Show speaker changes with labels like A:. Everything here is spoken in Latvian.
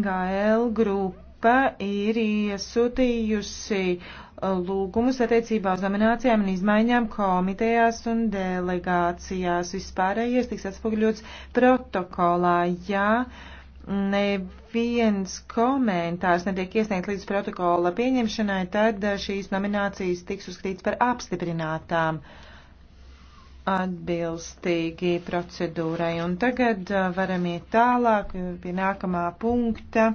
A: NGL grupa ir iesūtījusi uh, lūgumus attiecībā uz nominācijām un izmaiņām komitejās un delegācijās. Vispārējais tiks atspoguļots protokolā, ja neviens komentārs netiek iesniegt līdz protokola pieņemšanai, tad uh, šīs nominācijas tiks uzskatīts par apstiprinātām atbilstīgi procedūrai. Un tagad uh, varam iet tālāk uh, pie nākamā
B: punkta.